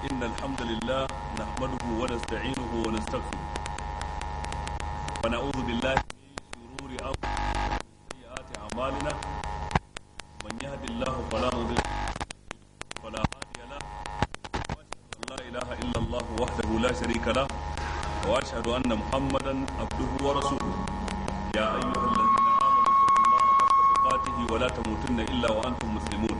إن الحمد لله نحمده ونستعينه ونستغفره ونعوذ بالله من شرور أنفسنا وسيئات أعمالنا من يهد الله فلا مضل فلا هادي له وأشهد أن لا إله إلا الله وحده لا شريك له وأشهد أن محمدا عبده ورسوله يا أيها الذين آمنوا اتقوا الله حق تقاته ولا تموتن إلا وأنتم مسلمون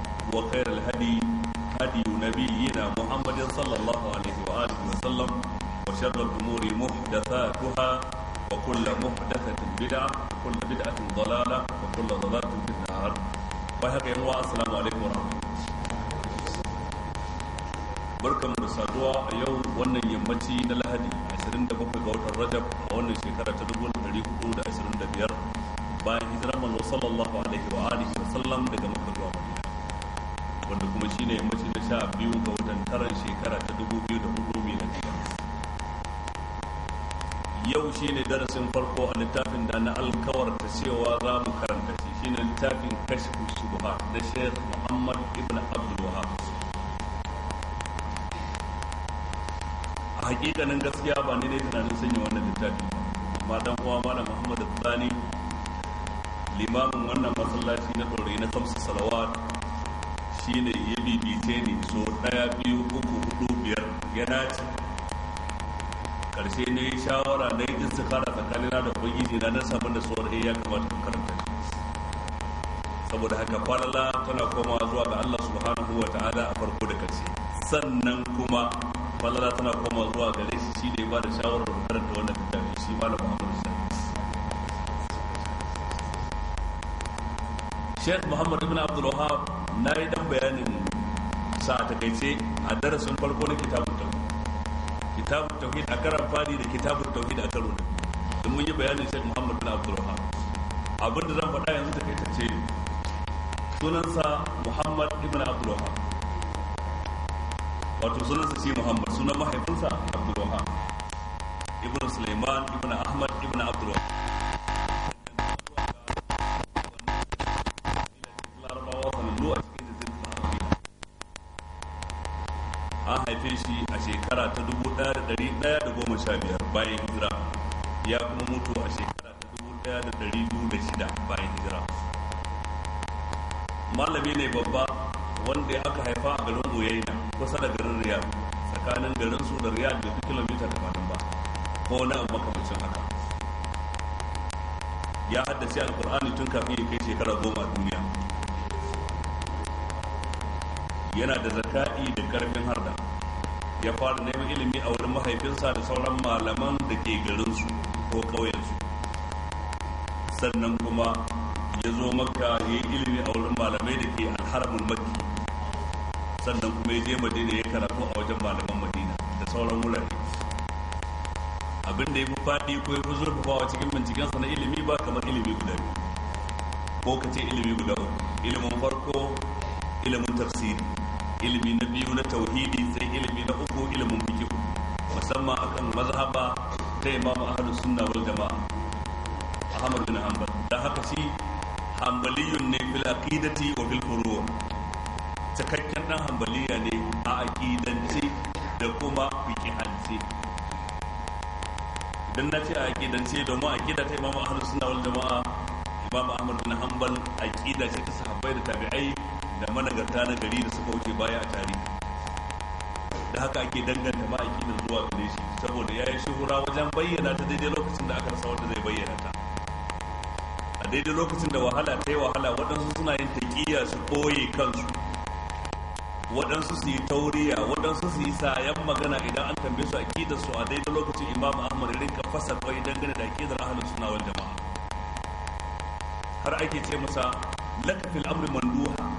وخير الهدي هدي نبينا محمد صلى الله عليه وآله وسلم وشر الأمور محدثاتها وكل محدثة بدعة وكل بدعة ضلالة وكل ضلالة في النار وهكذا ينوى السلام عليكم ورحمة الله barkan da saduwa a yau wannan yammaci na lahadi 27 ga watan rajab a wannan shekara ta 1425 bayan hijirar manzo sallallahu alaihi wa alihi wa sallam daga makka wanda kuma shi ne mace da sha biyu ga watan taran shekara ta dubu biyu da hudu miladiya yau shine darasin farko a littafin da na alkawar ta cewa za mu karanta shi shi ne littafin kashfu shubha na shayar muhammad ibn abdul wahab a hakikanin gaskiya ba ne ne tunanin sanya wannan littafi ba amma dan uwa malam muhammad tsani limamin wannan masallaci na dore na kamsa salawat shine ya bibice ni so daya biyu uku hudu biyar ya dace karshe ne yi shawara na yi istikara tsakanina da ubangiji na na samu da tsohon eh, ya kamata in karanta saboda haka falala tana koma zuwa ga Allah subhanahu wa ta'ala a farko da karshe sannan kuma falala tana koma zuwa ga shi shi ne ba da shawarar karanta wannan littafi shi malam Muhammad Sheikh Muhammad ibn Abdul na yi dan bayanin sa a takaice a darasin farko na kitabun tauhid kitabun tauhid a karan fadi da kitabun tauhid a karo da don mun yi bayanin shek muhammad bin abdul wahab abin da zan faɗa yanzu takaitacce ne sunansa muhammad ibn abdul wahab wato sunansa shi muhammad sunan mahaifinsa abdul wahab ibn suleiman ibn ahmad ibn abdul wahab haife shi a shekara ta 1115 bayan hijira ya kuma mutu a shekara ta 1206 bayan hijira malami ne babba wanda aka haifa a garin Oyayya kusa da garin Riyadh tsakanin garin su da Riyadh da fi kilomita 80 ba ko wani abu makamacin haka ya haddace alkur'ani tun kafin ya kai shekara goma a duniya yana da zaka'i da karfin harda ya fara neman ilimi a wurin mahaifinsa da sauran malaman da ke garinsu ko ƙauyensu sannan kuma ya zo maka ya yi ilimi a wurin malamai da ke alharamin makki sannan kuma ya je madina ya karatu a wajen malaman madina da sauran wurare abin da ya fi faɗi ko ya fi zurfafawa cikin bincikensa na ilimi ba kamar ilimi guda biyu ko ka ce ilimi guda uku ilimin farko ilimin tafsiri ilimi na biyu na tauhidi sai ilimi na mazhaba ta imamu ahalus sunna wal jamaa ahmad bin hanbal da haka shi hanbaliyun ne fil aqidati wa fil furu' cikakken dan hanbaliya ne a aqidance da kuma fiqhance idan na ce a aqidance domin aqida ta imamu ahalus sunna wal jamaa imam ahmad bin hanbal aqida ce ta sahabbai da tabi'ai da managarta na gari da suka wuce baya a tarihi da haka ake danganta ma'aiki da zuwa gare shi saboda ya yi shuhura wajen bayyana ta daidai lokacin da aka rasa wanda zai bayyana ta a daidai lokacin da wahala ta yi wahala waɗansu suna yin taƙiyya su ɓoye kansu waɗansu su yi tauriya waɗansu su yi sayan magana idan an tambaye su akidar su a daidai lokacin imam ahmad rinka fasa kawai dangane da akidar ahalin suna wal jama'a har ake ce masa lakafil amri manduha